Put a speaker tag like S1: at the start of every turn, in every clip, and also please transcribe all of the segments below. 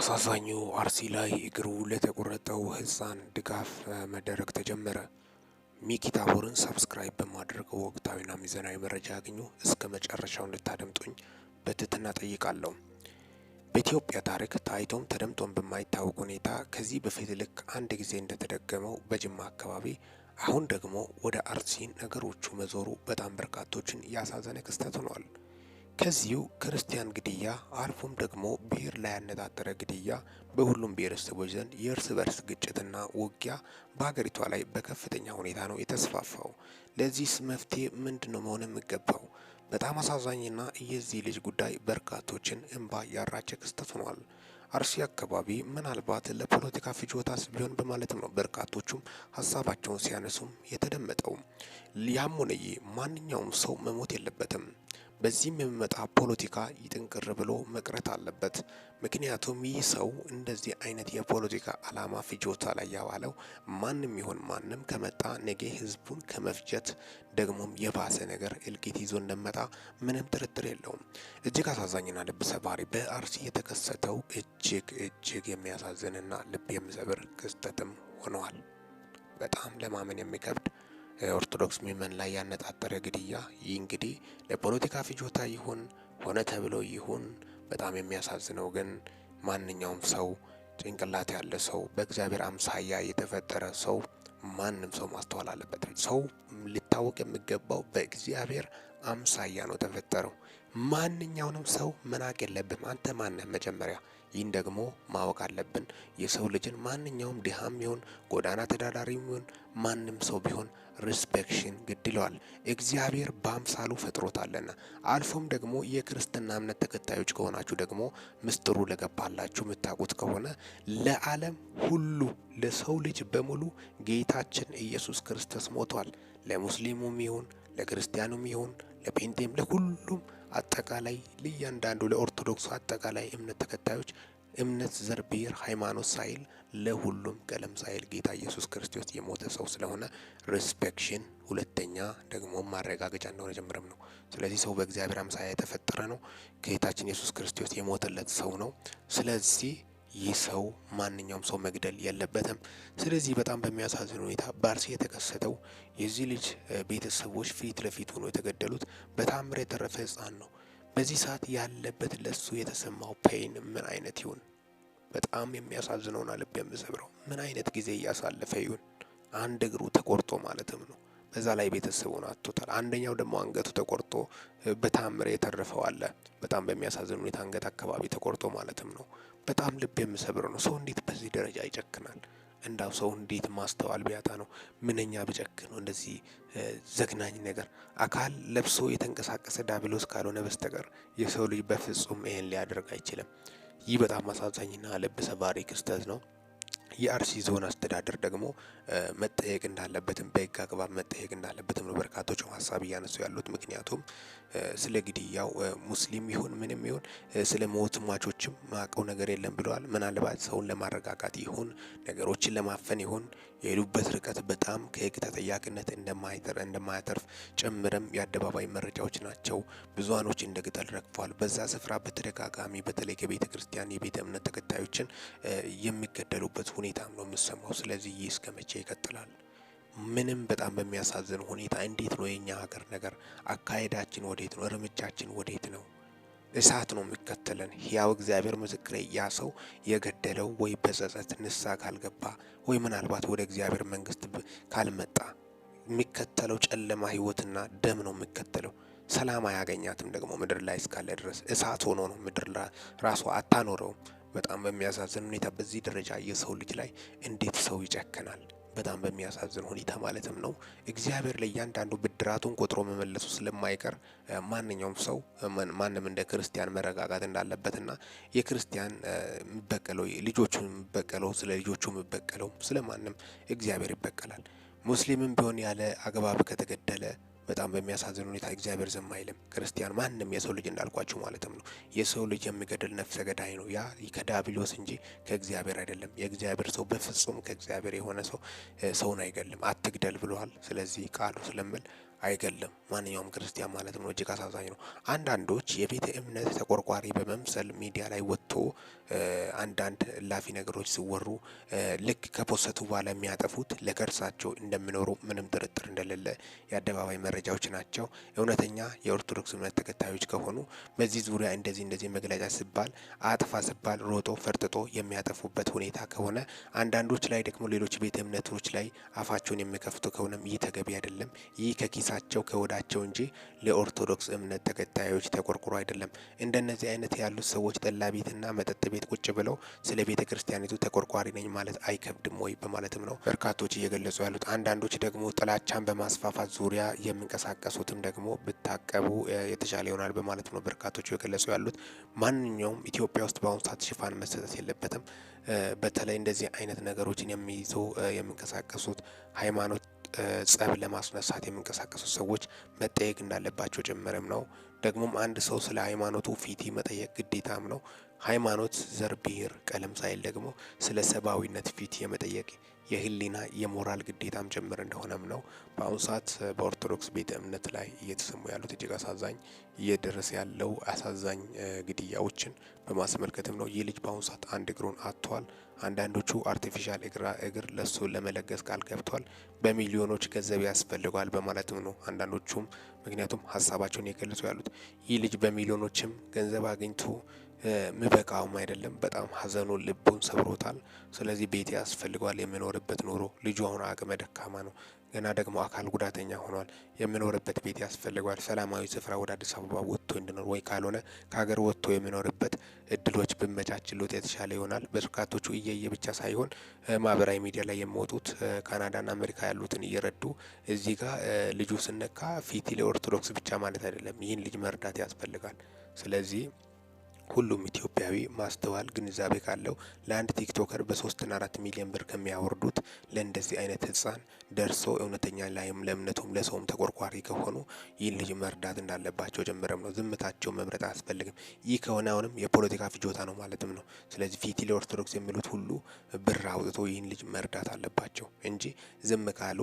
S1: አሳዛኙ አርሲ ላይ እግሩ ለተቆረጠው ህፃን ድጋፍ መደረግ ተጀመረ። ሚኪ ታቦርን ሰብስክራይብ በማድረግ ወቅታዊና ሚዛናዊ መረጃ ያገኙ። እስከ መጨረሻው እንድታደምጡኝ በትህትና ጠይቃለሁ። በኢትዮጵያ ታሪክ ታይቶም ተደምጦም በማይታወቅ ሁኔታ ከዚህ በፊት ልክ አንድ ጊዜ እንደተደገመው በጅማ አካባቢ አሁን ደግሞ ወደ አርሲ ነገሮቹ መዞሩ በጣም በርካቶችን ያሳዘነ ክስተት ሆኗል። ከዚሁ ክርስቲያን ግድያ አልፎም ደግሞ ብሔር ላይ ያነጣጠረ ግድያ በሁሉም ብሔረሰቦች ዘንድ የእርስ በርስ ግጭትና ውጊያ በሀገሪቷ ላይ በከፍተኛ ሁኔታ ነው የተስፋፋው። ለዚህስ መፍትሄ ምንድን ነው መሆን የሚገባው? በጣም አሳዛኝና የዚህ ልጅ ጉዳይ በርካቶችን እንባ ያራጨ ክስተት ሆኗል። አርሲ አካባቢ ምናልባት ለፖለቲካ ፍጆታስ ቢሆን በማለትም ነው በርካቶቹም ሀሳባቸውን ሲያነሱም የተደመጠው። ያም ሆነ ይህ ማንኛውም ሰው መሞት የለበትም። በዚህም የሚመጣ ፖለቲካ ይጥንቅር ብሎ መቅረት አለበት። ምክንያቱም ይህ ሰው እንደዚህ አይነት የፖለቲካ አላማ ፍጆታ ላይ ያዋለው ማንም ይሆን ማንም ከመጣ ነገ ህዝቡን ከመፍጀት ደግሞም የባሰ ነገር እልቂት ይዞ እንደመጣ ምንም ጥርጥር የለውም። እጅግ አሳዛኝና ልብ ሰባሪ በአርሲ የተከሰተው እጅግ እጅግ የሚያሳዝንና ልብ የሚሰብር ክስተትም ሆነዋል። በጣም ለማመን የሚከብድ ኦርቶዶክስ ምዕመን ላይ ያነጣጠረ ግድያ። ይህ እንግዲህ ለፖለቲካ ፍጆታ ይሁን ሆነ ተብሎ ይሁን በጣም የሚያሳዝነው ግን ማንኛውም ሰው ጭንቅላት ያለ ሰው በእግዚአብሔር አምሳያ የተፈጠረ ሰው ማንም ሰው ማስተዋል አለበት። ሰው ሊታወቅ የሚገባው በእግዚአብሔር አምሳያ ነው ተፈጠረው። ማንኛውንም ሰው መናቅ የለብም። አንተ ማነህ መጀመሪያ? ይህን ደግሞ ማወቅ አለብን። የሰው ልጅን ማንኛውም ድሃም ይሁን ጎዳና ተዳዳሪ ይሁን ማንም ሰው ቢሆን ሪስፔክሽን ግድ ይለዋል። እግዚአብሔር በአምሳሉ ፈጥሮታለና አልፎም ደግሞ የክርስትና እምነት ተከታዮች ከሆናችሁ ደግሞ ምስጢሩ ለገባላችሁ የምታውቁት ከሆነ ለዓለም ሁሉ ለሰው ልጅ በሙሉ ጌታችን ኢየሱስ ክርስቶስ ሞቷል። ለሙስሊሙም ይሁን ለክርስቲያኑም ይሁን ለጴንጤም፣ ለሁሉም አጠቃላይ ለእያንዳንዱ ለኦርቶዶክሱ አጠቃላይ እምነት ተከታዮች እምነት፣ ዘር፣ ብሔር፣ ሃይማኖት ሳይል ለሁሉም ቀለም ሳይል ጌታ ኢየሱስ ክርስቶስ የሞተ ሰው ስለሆነ ሪስፔክሽን ሁለተኛ ደግሞ ማረጋገጫ እንደሆነ ጀምረም ነው። ስለዚህ ሰው በእግዚአብሔር አምሳያ የተፈጠረ ነው። ጌታችን ኢየሱስ ክርስቶስ የሞተለት ሰው ነው። ስለዚህ ይህ ሰው ማንኛውም ሰው መግደል የለበትም። ስለዚህ በጣም በሚያሳዝን ሁኔታ ባርሴ የተከሰተው የዚህ ልጅ ቤተሰቦች ፊት ለፊት ሆኖ የተገደሉት በታምር የተረፈ ህፃን ነው። በዚህ ሰዓት ያለበት ለሱ የተሰማው ፔይን ምን አይነት ይሁን? በጣም የሚያሳዝነውና ልብ የምሰብረው ምን አይነት ጊዜ እያሳለፈ ይሁን? አንድ እግሩ ተቆርጦ ማለትም ነው። እዛ ላይ ቤተሰቡን አጥቶታል። አንደኛው ደግሞ አንገቱ ተቆርጦ በታምር የተረፈው አለ። በጣም በሚያሳዝን ሁኔታ አንገት አካባቢ ተቆርጦ ማለትም ነው። በጣም ልብ የምሰብር ነው። ሰው እንዴት በዚህ ደረጃ ይጨክናል? እንዳው ሰው እንዴት ማስተዋል ቢያጣ ነው? ምንኛ ብጨክ ነው እንደዚህ ዘግናኝ ነገር። አካል ለብሶ የተንቀሳቀሰ ዳብሎስ ካልሆነ በስተቀር የሰው ልጅ በፍጹም ይሄን ሊያደርግ አይችልም። ይህ በጣም አሳዛኝና ልብ ሰባሪ ክስተት ነው። የአርሲ ዞን አስተዳደር ደግሞ መጠየቅ እንዳለበትም በህግ አግባብ መጠየቅ እንዳለበትም ነው በርካቶች ሀሳብ እያነሱ ያሉት። ምክንያቱም ስለ ግድያው ሙስሊም ይሁን ምንም ይሁን ስለ ሞት ሟቾችም ማቀው ነገር የለም ብለዋል። ምናልባት ሰውን ለማረጋጋት ይሁን ነገሮችን ለማፈን ይሁን የሄዱበት ርቀት በጣም ከህግ ተጠያቂነት እንደማያተርፍ ጭምርም የአደባባይ መረጃዎች ናቸው። ብዙሀኖች እንደ ግጠል ረግፏል። በዛ ስፍራ በተደጋጋሚ በተለይ ከቤተ ክርስቲያን የቤተ እምነት ተከታዮችን የሚገደሉበት ሁኔታ ሁኔታም ነው የምሰማው። ስለዚህ ይህ እስከ መቼ ይቀጥላል? ምንም በጣም በሚያሳዝን ሁኔታ እንዴት ነው የኛ ሀገር ነገር? አካሄዳችን ወዴት ነው? እርምጃችን ወዴት ነው? እሳት ነው የሚከተለን። ያው እግዚአብሔር ምስክሬ፣ ያ ሰው የገደለው ወይ በጸጸት ንስሐ ካልገባ ወይ ምናልባት ወደ እግዚአብሔር መንግስት ካልመጣ የሚከተለው ጨለማ ህይወትና ደም ነው የሚከተለው። ሰላም አያገኛትም ደግሞ ምድር ላይ እስካለ ድረስ እሳት ሆኖ ነው ምድር ራሷ አታኖረውም። በጣም በሚያሳዝን ሁኔታ በዚህ ደረጃ የሰው ልጅ ላይ እንዴት ሰው ይጨክናል? በጣም በሚያሳዝን ሁኔታ ማለትም ነው። እግዚአብሔር ለእያንዳንዱ ብድራቱን ቆጥሮ መመለሱ ስለማይቀር ማንኛውም ሰው ማንም እንደ ክርስቲያን መረጋጋት እንዳለበትና የክርስቲያን የሚበቀለው ልጆቹ የሚበቀለው ስለ ልጆቹ የሚበቀለው ስለ ማንም እግዚአብሔር ይበቀላል። ሙስሊምም ቢሆን ያለ አግባብ ከተገደለ በጣም በሚያሳዝን ሁኔታ እግዚአብሔር ዝም አይልም። ክርስቲያን ማንም የሰው ልጅ እንዳልኳችሁ ማለትም ነው የሰው ልጅ የሚገድል ነፍሰ ገዳይ ነው። ያ ከዳብሎስ እንጂ ከእግዚአብሔር አይደለም። የእግዚአብሔር ሰው በፍጹም ከእግዚአብሔር የሆነ ሰው ሰውን አይገልም አትግደል ብለዋል። ስለዚህ ቃሉ ስለምል አይገልም ማንኛውም ክርስቲያን ማለት ነው። እጅግ አሳዛኝ ነው። አንዳንዶች የቤተ እምነት ተቆርቋሪ በመምሰል ሚዲያ ላይ ወጥቶ አንዳንድ ላፊ ነገሮች ሲወሩ ልክ ከፖሰቱ በኋላ የሚያጠፉት ለከርሳቸው እንደሚኖሩ ምንም ጥርጥር እንደሌለ የአደባባይ መረጃዎች ናቸው። እውነተኛ የኦርቶዶክስ እምነት ተከታዮች ከሆኑ በዚህ ዙሪያ እንደዚህ እንደዚህ መግለጫ ሲባል አጥፋ ሲባል ሮጦ ፈርጥጦ የሚያጠፉበት ሁኔታ ከሆነ አንዳንዶች ላይ ደግሞ ሌሎች ቤተ እምነቶች ላይ አፋቸውን የሚከፍቱ ከሆነም ይህ ተገቢ አይደለም። ይህ ከኪስ ኪሳቸው ከወዳቸው እንጂ ለኦርቶዶክስ እምነት ተከታዮች ተቆርቁሮ አይደለም። እንደነዚህ አይነት ያሉት ሰዎች ጠላ ቤትና መጠጥ ቤት ቁጭ ብለው ስለ ቤተ ክርስቲያኒቱ ተቆርቋሪ ነኝ ማለት አይከብድም ወይ በማለትም ነው በርካቶች እየገለጹ ያሉት። አንዳንዶች ደግሞ ጥላቻን በማስፋፋት ዙሪያ የሚንቀሳቀሱትም ደግሞ ብታቀቡ የተሻለ ይሆናል በማለት ነው በርካቶች እየገለጹ ያሉት። ማንኛውም ኢትዮጵያ ውስጥ በአሁኑ ሰዓት ሽፋን መሰጠት የለበትም። በተለይ እንደዚህ አይነት ነገሮችን የሚይዙ የሚንቀሳቀሱት ሃይማኖት ጸብ ለማስነሳት የሚንቀሳቀሱ ሰዎች መጠየቅ እንዳለባቸው ጭምርም ነው። ደግሞም አንድ ሰው ስለ ሃይማኖቱ ፊቲ መጠየቅ ግዴታም ነው። ሃይማኖት፣ ዘር፣ ብሔር፣ ቀለም ሳይል ደግሞ ስለ ሰብአዊነት ፊት የመጠየቅ የህሊና የሞራል ግዴታም ጭምር እንደሆነም ነው በአሁኑ ሰዓት በኦርቶዶክስ ቤተ እምነት ላይ እየተሰሙ ያሉት እጅግ አሳዛኝ እየደረሰ ያለው አሳዛኝ ግድያዎችን በማስመልከትም ነው። ይህ ልጅ በአሁኑ ሰዓት አንድ እግሩን አጥቷል። አንዳንዶቹ አርቲፊሻል እግር ለሱ ለመለገስ ቃል ገብቷል። በሚሊዮኖች ገንዘብ ያስፈልገዋል በማለትም ነው አንዳንዶቹም ምክንያቱም ሀሳባቸውን የገለጹ ያሉት ይህ ልጅ በሚሊዮኖችም ገንዘብ አግኝቶ ምበቃውም አይደለም። በጣም ሀዘኑ ልቡን ሰብሮታል። ስለዚህ ቤት ያስፈልገዋል የምኖርበት ኑሮ። ልጁ አሁን አቅመ ደካማ ነው፣ ገና ደግሞ አካል ጉዳተኛ ሆኗል። የምኖርበት ቤት ያስፈልገዋል። ሰላማዊ ስፍራ ወደ አዲስ አበባ ወጥቶ እንዲኖር ወይ ካልሆነ ከሀገር ወጥቶ የምኖርበት እድሎች ብመቻችሎት የተሻለ ይሆናል። በርካቶቹ እየየ ብቻ ሳይሆን ማህበራዊ ሚዲያ ላይ የሚወጡት ካናዳና አሜሪካ ያሉትን እየረዱ እዚህ ጋር ልጁ ስነካ ፊቲ ለኦርቶዶክስ ብቻ ማለት አይደለም። ይህን ልጅ መርዳት ያስፈልጋል። ስለዚህ ሁሉም ኢትዮጵያዊ ማስተዋል ግንዛቤ ካለው ለአንድ ቲክቶከር በሶስትና አራት ሚሊዮን ብር ከሚያወርዱት ለእንደዚህ አይነት ህጻን ደርሶ እውነተኛ ላይም ለእምነቱም ለሰውም ተቆርቋሪ ከሆኑ ይህ ልጅ መርዳት እንዳለባቸው ጀምረም ነው። ዝምታቸው መምረጥ አያስፈልግም። ይህ ከሆነ አሁንም የፖለቲካ ፍጆታ ነው ማለትም ነው። ስለዚህ ፊቲ ለኦርቶዶክስ የሚሉት ሁሉ ብር አውጥቶ ይህን ልጅ መርዳት አለባቸው እንጂ ዝም ካሉ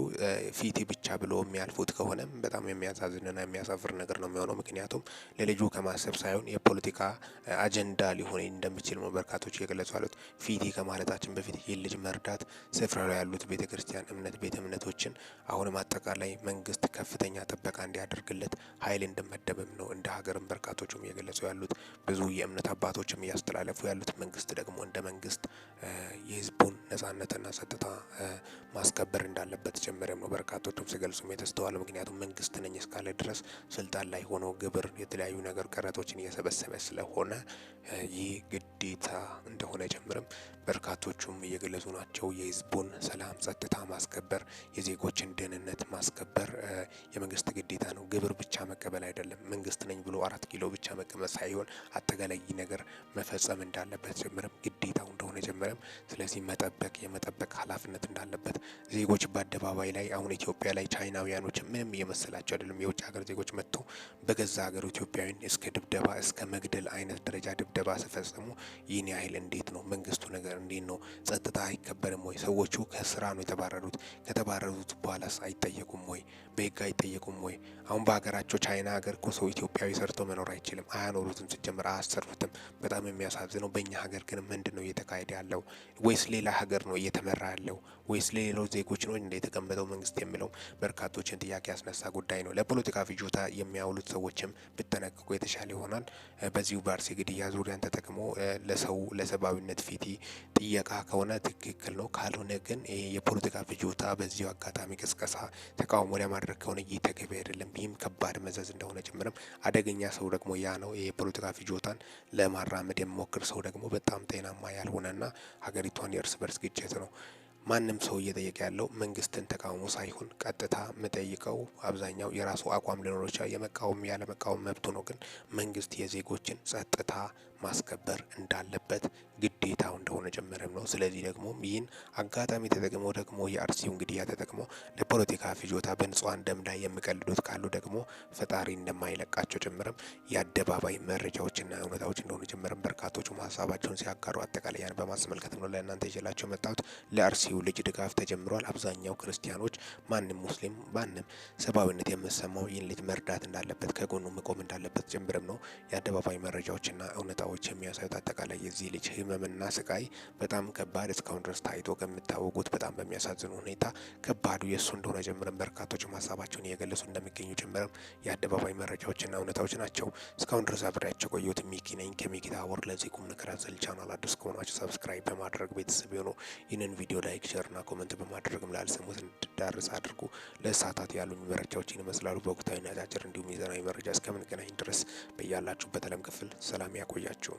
S1: ፊቲ ብቻ ብሎ የሚያልፉት ከሆነም በጣም የሚያሳዝንና የሚያሳፍር ነገር ነው የሚሆነው። ምክንያቱም ለልጁ ከማሰብ ሳይሆን የፖለቲካ አጀንዳ ሊሆን እንደሚችል ነው በርካቶች እየገለጹ ያሉት። ፊቴ ከማለታችን በፊት ይህ ልጅ መርዳት ስፍራ ላይ ያሉት ቤተ ክርስቲያን፣ እምነት ቤተ እምነቶችን አሁንም አጠቃላይ መንግስት ከፍተኛ ጥበቃ እንዲያደርግለት ኃይል እንደመደበም ነው እንደ ሀገርም በርካቶችም እየገለጹ ያሉት። ብዙ የእምነት አባቶችም እያስተላለፉ ያሉት መንግስት ደግሞ እንደ መንግስት የህዝቡን ነጻነትና ጸጥታ ማስከበር እንዳለበት ጭምርም ነው በርካቶችም ሲገልጹም የተስተዋለ። ምክንያቱም መንግስት ነኝ እስካለ ድረስ ስልጣን ላይ ሆኖ ግብር፣ የተለያዩ ነገር ቀረጦችን እየሰበሰበ ስለሆነ いい ግዴታ እንደሆነ ጭምርም በርካቶቹም እየገለጹ ናቸው። የህዝቡን ሰላም ጸጥታ ማስከበር፣ የዜጎችን ደህንነት ማስከበር የመንግስት ግዴታ ነው። ግብር ብቻ መቀበል አይደለም። መንግስት ነኝ ብሎ አራት ኪሎ ብቻ መቀመጥ ሳይሆን አጠቃላይ ነገር መፈጸም እንዳለበት ጭምርም ግዴታው እንደሆነ ጭምርም ስለዚህ መጠበቅ የመጠበቅ ኃላፊነት እንዳለበት ዜጎች በአደባባይ ላይ አሁን ኢትዮጵያ ላይ ቻይናውያኖች ምንም እየመሰላቸው አይደለም። የውጭ ሀገር ዜጎች መጥቶ በገዛ ሀገሩ ኢትዮጵያዊን እስከ ድብደባ እስከ መግደል አይነት ደረጃ ድብደባ ሲፈጽሙ ይህን ያህል እንዴት ነው መንግስቱ ነገር እንዴት ነው? ጸጥታ አይከበርም ወይ? ሰዎቹ ከስራ ነው የተባረሩት። ከተባረሩት በኋላስ አይጠየቁም ወይ? በህግ አይጠየቁም ወይ? አሁን በሀገራቸው ቻይና ሀገር እኮ ሰው ኢትዮጵያዊ ሰርቶ መኖር አይችልም። አያኖሩትም፣ ስጀምር አያሰሩትም። በጣም የሚያሳዝነው በእኛ ሀገር ግን ምንድን ነው እየተካሄደ ያለው? ወይስ ሌላ ሀገር ነው እየተመራ ያለው? ወይስ ለሌሎች ዜጎች ነው እንደ የተቀመጠው መንግስት የሚለው በርካቶችን ጥያቄ ያስነሳ ጉዳይ ነው። ለፖለቲካ ፍጆታ የሚያውሉት ሰዎችም ብጠነቅቁ የተሻለ ይሆናል። በዚሁ በአርሲ ግድያ ዙሪያን ተጠቅሞ ለሰው ለሰብአዊነት ፊቲ ጥየቃ ከሆነ ትክክል ነው። ካልሆነ ግን የፖለቲካ ፍጆታ በዚሁ አጋጣሚ ቅስቀሳ፣ ተቃውሞ ለማድረግ ከሆነ ይህ ተገቢ አይደለም። ይህም ከባድ መዘዝ እንደሆነ ጭምርም አደገኛ ሰው ደግሞ ያ ነው። የፖለቲካ ፍጆታን ለማራመድ የሚሞክር ሰው ደግሞ በጣም ጤናማ ያልሆነና ሀገሪቷን የእርስ በርስ ግጭት ነው ማንም ሰው እየጠየቀ ያለው መንግስትን ተቃውሞ ሳይሆን ቀጥታ የምጠይቀው አብዛኛው የራሱ አቋም ሊኖሮቻ የመቃወም ያለመቃወም መብቱ ነው። ግን መንግስት የዜጎችን ጸጥታ ማስከበር እንዳለበት ግዴታው እንደሆነ ጭምርም ነው። ስለዚህ ደግሞ ይህን አጋጣሚ ተጠቅሞ ደግሞ የአርሲው ግድያ ተጠቅሞ ለፖለቲካ ፍጆታ በንጹሐን ደም ላይ የሚቀልዱት ካሉ ደግሞ ፈጣሪ እንደማይለቃቸው ጀምረም የአደባባይ መረጃዎችና እውነታዎች እንደሆኑ ጀምረም በርካቶቹ ሀሳባቸውን ሲያጋሩ አጠቃለያን በማስመልከት ነው ለእናንተ ይዤላቸው መጣሁት። ለአርሲው ልጅ ድጋፍ ተጀምሯል። አብዛኛው ክርስቲያኖች፣ ማንም ሙስሊም፣ ማንም ሰብአዊነት የምሰማው ይህን ልጅ መርዳት እንዳለበት ከጎኑ መቆም እንዳለበት ጀምረም ነው የአደባባይ መረጃዎችና እውነታዎች መረጃዎች የሚያሳዩት አጠቃላይ የዚህ ልጅ ህመምና ስቃይ በጣም ከባድ እስካሁን ድረስ ታይቶ ከሚታወቁት በጣም በሚያሳዝኑ ሁኔታ ከባዱ የእሱ እንደሆነ ጀምረን በርካቶች ሀሳባቸውን እየገለጹ እንደሚገኙ ጀምረን የአደባባይ መረጃዎችና እውነታዎች ናቸው። እስካሁን ድረስ አብሬያቸው ቆየሁት ሚኪ ነኝ ከሚኪ ታቦር። ለዚህ ቁም ነገር አዘል ቻናል አዲስ ከሆናችሁ ሰብስክራይብ በማድረግ ቤተሰብ የሆኑ ይህንን ቪዲዮ ላይክ፣ ሸርና ኮመንት በማድረግም ላልሰሙት እንድዳርስ አድርጉ። ለእሳታት ያሉ መረጃዎችን ይመስላሉ። በወቅታዊና ነጫጭር እንዲሁም የዘናዊ መረጃ እስከምንገናኝ ድረስ በያላችሁበት ዓለም ክፍል ሰላም ያቆያል። Schedule.